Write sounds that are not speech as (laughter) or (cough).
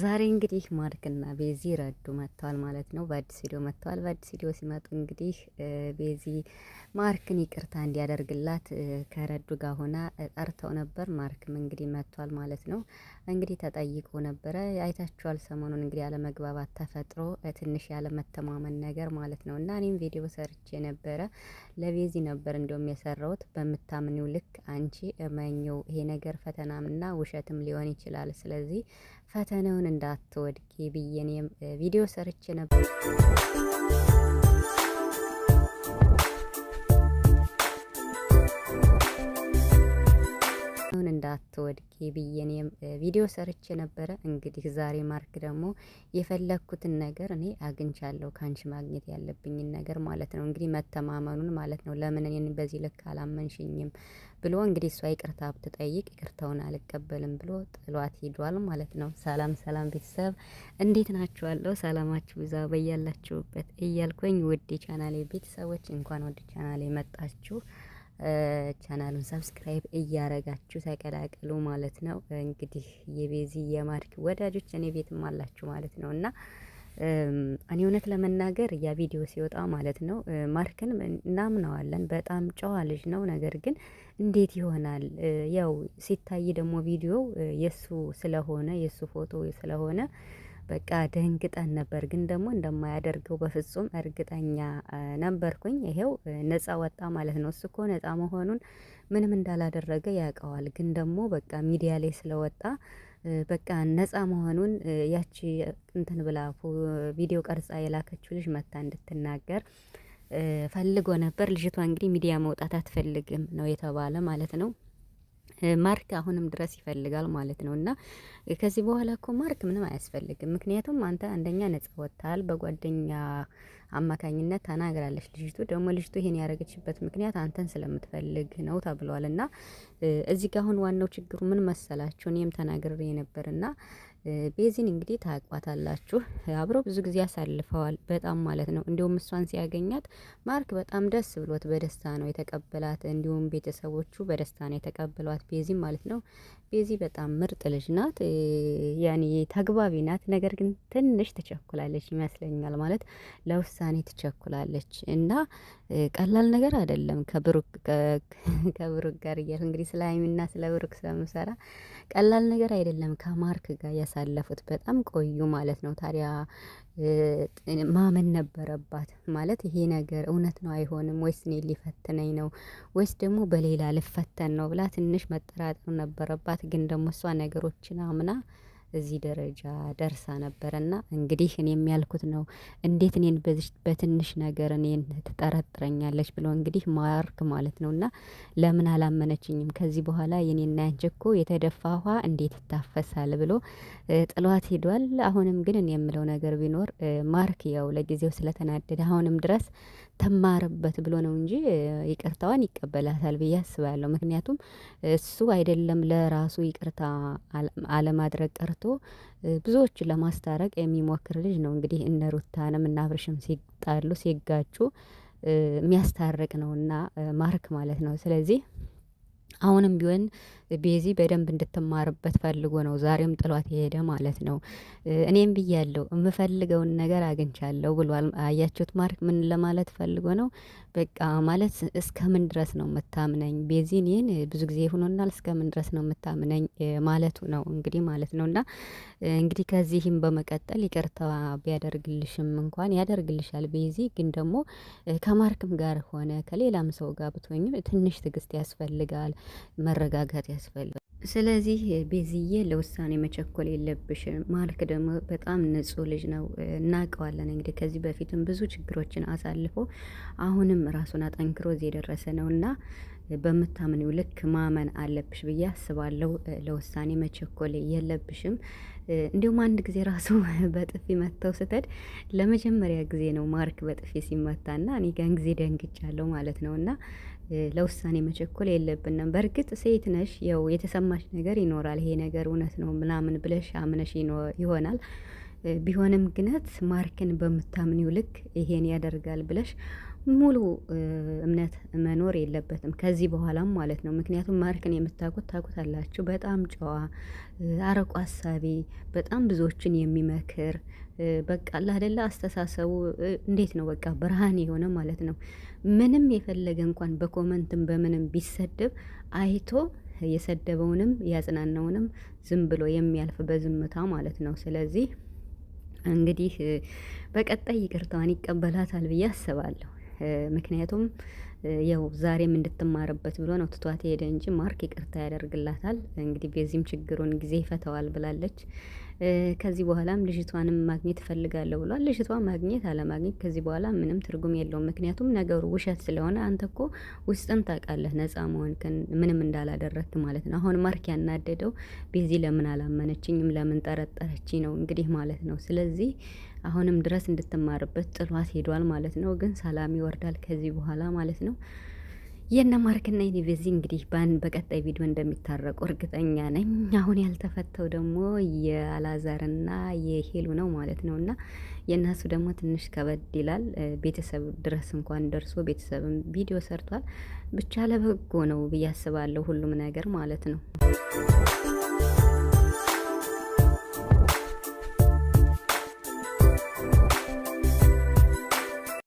ዛሬ እንግዲህ ማርክና ቤዚ ረዱ መጥተዋል ማለት ነው። በአዲስ ቪዲዮ መጥተዋል። በአዲስ ቪዲዮ ሲመጡ እንግዲህ ቤዚ ማርክን ይቅርታ እንዲያደርግላት ከረዱ ጋር ሆና ጠርተው ነበር። ማርክም እንግዲህ መጥቷል ማለት ነው። እንግዲህ ተጠይቆ ነበረ። አይታችኋል። ሰሞኑን እንግዲህ ያለመግባባት ተፈጥሮ ትንሽ ያለመተማመን ነገር ማለት ነው እና እኔም ቪዲዮ ሰርቼ ነበረ። ለቤዚ ነበር እንዲሁም የሰራሁት። በምታምኒው ልክ አንቺ እመኘው፣ ይሄ ነገር ፈተናምና ውሸትም ሊሆን ይችላል። ስለዚህ ፈተናው አሁን እንዳትወድቂ ብዬን ቪዲዮ ሰርቼ ነበር። እንዳትወድቂ ቪዲዮ ሰርቼ ነበረ። እንግዲህ ዛሬ ማርክ ደግሞ የፈለግኩትን ነገር እኔ አግኝቻለሁ፣ ከአንቺ ማግኘት ያለብኝን ነገር ማለት ነው። እንግዲህ መተማመኑን ማለት ነው። ለምን እኔን በዚህ ልክ አላመንሽኝም ብሎ እንግዲህ እሷ ይቅርታ ብትጠይቅ ይቅርታውን አልቀበልም ብሎ ጥሏት ሂዷል ማለት ነው። ሰላም ሰላም ቤተሰብ እንዴት ናችኋለሁ? ሰላማችሁ ዛ በያላችሁበት እያልኩኝ ውድ ቻናሌ ቤተሰቦች እንኳን ውድ ቻናሌ መጣችሁ። ቻናሉን ሰብስክራይብ እያረጋችሁ ተቀላቀሉ ማለት ነው። እንግዲህ የቤዚ የማድክ ወዳጆች እኔ ቤትም አላችሁ ማለት ነው እና እኔ እውነት ለመናገር ያ ቪዲዮ ሲወጣ ማለት ነው ማርክን እናምነዋለን። በጣም ጨዋ ልጅ ነው። ነገር ግን እንዴት ይሆናል? ያው ሲታይ ደግሞ ቪዲዮ የሱ ስለሆነ የሱ ፎቶ ስለሆነ በቃ ደንግጠን ነበር። ግን ደግሞ እንደማያደርገው በፍጹም እርግጠኛ ነበርኩኝ። ይሄው ነጻ ወጣ ማለት ነው። እሱ እኮ ነጻ መሆኑን ምንም እንዳላደረገ ያውቀዋል። ግን ደግሞ በቃ ሚዲያ ላይ ስለወጣ በቃ ነፃ መሆኑን ያቺ እንትን ብላ ቪዲዮ ቀርጻ የላከችው ልጅ መታ እንድትናገር ፈልጎ ነበር። ልጅቷ እንግዲህ ሚዲያ መውጣት አትፈልግም ነው የተባለ ማለት ነው። ማርክ አሁንም ድረስ ይፈልጋል ማለት ነው። እና ከዚህ በኋላ እኮ ማርክ ምንም አያስፈልግም። ምክንያቱም አንተ አንደኛ ነጻ ወጥታል፣ በጓደኛ አማካኝነት ተናግራለች ልጅቱ። ደግሞ ልጅቱ ይሄን ያደረገችበት ምክንያት አንተን ስለምትፈልግ ነው ተብሏል። እና እዚህ ጋ አሁን ዋናው ችግሩ ምን መሰላችሁ? እኔም ተናግሬ ነበር ና ቤዚን እንግዲህ ታቋታላችሁ። አብረው ብዙ ጊዜ አሳልፈዋል፣ በጣም ማለት ነው። እንዲሁም እሷን ሲያገኛት ማርክ በጣም ደስ ብሎት በደስታ ነው የተቀበላት። እንዲሁም ቤተሰቦቹ በደስታ ነው የተቀበሏት ቤዚን ማለት ነው። ቤዚ በጣም ምርጥ ልጅ ናት፣ ያኔ ተግባቢ ናት። ነገር ግን ትንሽ ትቸኩላለች ይመስለኛል፣ ማለት ለውሳኔ ትቸኩላለች እና ቀላል ነገር አይደለም ከብሩክ ጋር እያልኩ እንግዲህ ስለ ሀይሚና ስለ ብሩክ ስለምሰራ ቀላል ነገር አይደለም ከማርክ ጋር ያሳለፉት በጣም ቆዩ ማለት ነው። ታዲያ ማመን ነበረባት ማለት ይሄ ነገር እውነት ነው አይሆንም፣ ወይስ እኔ ሊፈትነኝ ነው ወይስ ደግሞ በሌላ ልፈተን ነው ብላ ትንሽ መጠራጠር ነበረባት። ግን ደግሞ እሷ ነገሮችን አምና እዚህ ደረጃ ደርሳ ነበረና እንግዲህ እኔ የሚያልኩት ነው እንዴት እኔን በትንሽ ነገር እኔን ትጠረጥረኛለች ብሎ እንግዲህ ማርክ ማለት ነውና ለምን አላመነችኝም ከዚህ በኋላ የኔና ያንቺ እኮ የተደፋ ውሃ እንዴት ይታፈሳል ብሎ ጥሏት ሄዷል። አሁንም ግን እኔ የምለው ነገር ቢኖር ማርክ ያው ለጊዜው ስለተናደደ አሁንም ድረስ ተማርበት ብሎ ነው እንጂ ይቅርታዋን ይቀበላታል ብዬ አስባለሁ። ምክንያቱም እሱ አይደለም ለራሱ ይቅርታ አለማድረግ ቀርቶ ብዙዎችን ለማስታረቅ የሚሞክር ልጅ ነው። እንግዲህ እነ ሩታንም እና አብርሽም ሲጣሉ ሲጋጩ የሚያስታርቅ ነውና ማርክ ማለት ነው። ስለዚህ አሁንም ቢሆን ቤዚ በደንብ እንድትማርበት ፈልጎ ነው ዛሬም ጥሏት የሄደ ማለት ነው። እኔም ብያለሁ የምፈልገውን ነገር አግኝቻለሁ ብሏል። አያችሁት? ማርክ ምን ለማለት ፈልጎ ነው? በቃ ማለት እስከምን ድረስ ነው የምታምነኝ ቤዚን? ይህን ብዙ ጊዜ ሆኖናል። እስከምን ድረስ ነው የምታምነኝ ማለቱ ነው እንግዲህ ማለት ነው። እና እንግዲህ ከዚህም በመቀጠል ይቅርታ ቢያደርግልሽም እንኳን ያደርግልሻል ቤዚ። ግን ደግሞ ከማርክም ጋር ሆነ ከሌላም ሰው ጋር ብትሆኝም ትንሽ ትግስት ያስፈልጋል መረጋጋት ያስፈልጋል። ስለዚህ ቤዝዬ ለውሳኔ መቸኮል የለብሽም። ማርክ ደግሞ በጣም ንጹህ ልጅ ነው፣ እናውቀዋለን። እንግዲህ ከዚህ በፊትም ብዙ ችግሮችን አሳልፎ አሁንም ራሱን አጠንክሮ እዚህ የደረሰ ነው እና በምታምኒው ልክ ማመን አለብሽ ብዬ አስባለሁ። ለውሳኔ መቸኮል የለብሽም። እንዲሁም አንድ ጊዜ ራሱ (laughs) በጥፊ መተው ስተድ ለመጀመሪያ ጊዜ ነው ማርክ በጥፊ ሲመታና እኔ ጋን ጊዜ ደንግጫለሁ ማለት ነው እና ለውሳኔ መቸኮል የለብንም። በእርግጥ ሴት ነሽ፣ ያው የተሰማሽ ነገር ይኖራል። ይሄ ነገር እውነት ነው ምናምን ብለሽ አምነሽ ይሆናል ቢሆንም ግነት ማርክን በምታምኒው ልክ ይሄን ያደርጋል ብለሽ ሙሉ እምነት መኖር የለበትም ከዚህ በኋላም ማለት ነው። ምክንያቱም ማርክን የምታውቁት ታውቁታላችሁ። በጣም ጨዋ፣ አርቆ አሳቢ፣ በጣም ብዙዎችን የሚመክር በቃ ላደላ አስተሳሰቡ እንዴት ነው በቃ ብርሃን የሆነ ማለት ነው። ምንም የፈለገ እንኳን በኮመንትም በምንም ቢሰደብ አይቶ የሰደበውንም ያጽናናውንም ዝም ብሎ የሚያልፍ በዝምታ ማለት ነው። ስለዚህ እንግዲህ በቀጣይ ይቅርታዋን ይቀበላታል ብዬ አስባለሁ። ምክንያቱም ያው ዛሬም እንድትማርበት ብሎ ነው ትቷት ሄደ እንጂ ማርክ ይቅርታ ያደርግላታል። እንግዲህ በዚህም ችግሩን ጊዜ ይፈተዋል ብላለች። ከዚህ በኋላም ልጅቷንም ማግኘት እፈልጋለሁ ብሏል። ልጅቷ ማግኘት አለማግኘት ከዚህ በኋላ ምንም ትርጉም የለውም። ምክንያቱም ነገሩ ውሸት ስለሆነ አንተ እኮ ውስጥን ታውቃለህ፣ ነጻ መሆን ምንም እንዳላደረግክ ማለት ነው። አሁን ማርክ ያናደደው ቤዚ ለምን አላመነችኝም፣ ለምን ጠረጠረች ነው እንግዲህ ማለት ነው። ስለዚህ አሁንም ድረስ እንድትማርበት ጥሏት ሄዷል ማለት ነው። ግን ሰላም ይወርዳል ከዚህ በኋላ ማለት ነው። የነ ማርክና ዩኒቨርሲቲ እንግዲህ ባን በቀጣይ ቪዲዮ እንደሚታረቁ እርግጠኛ ነኝ። አሁን ያልተፈተው ደግሞ የአላዛርና የሄሉ ነው ማለት ነው። እና የእነሱ ደግሞ ትንሽ ከበድ ይላል። ቤተሰብ ድረስ እንኳን ደርሶ ቤተሰብም ቪዲዮ ሰርቷል። ብቻ ለበጎ ነው ብዬ አስባለሁ ሁሉም ነገር ማለት ነው።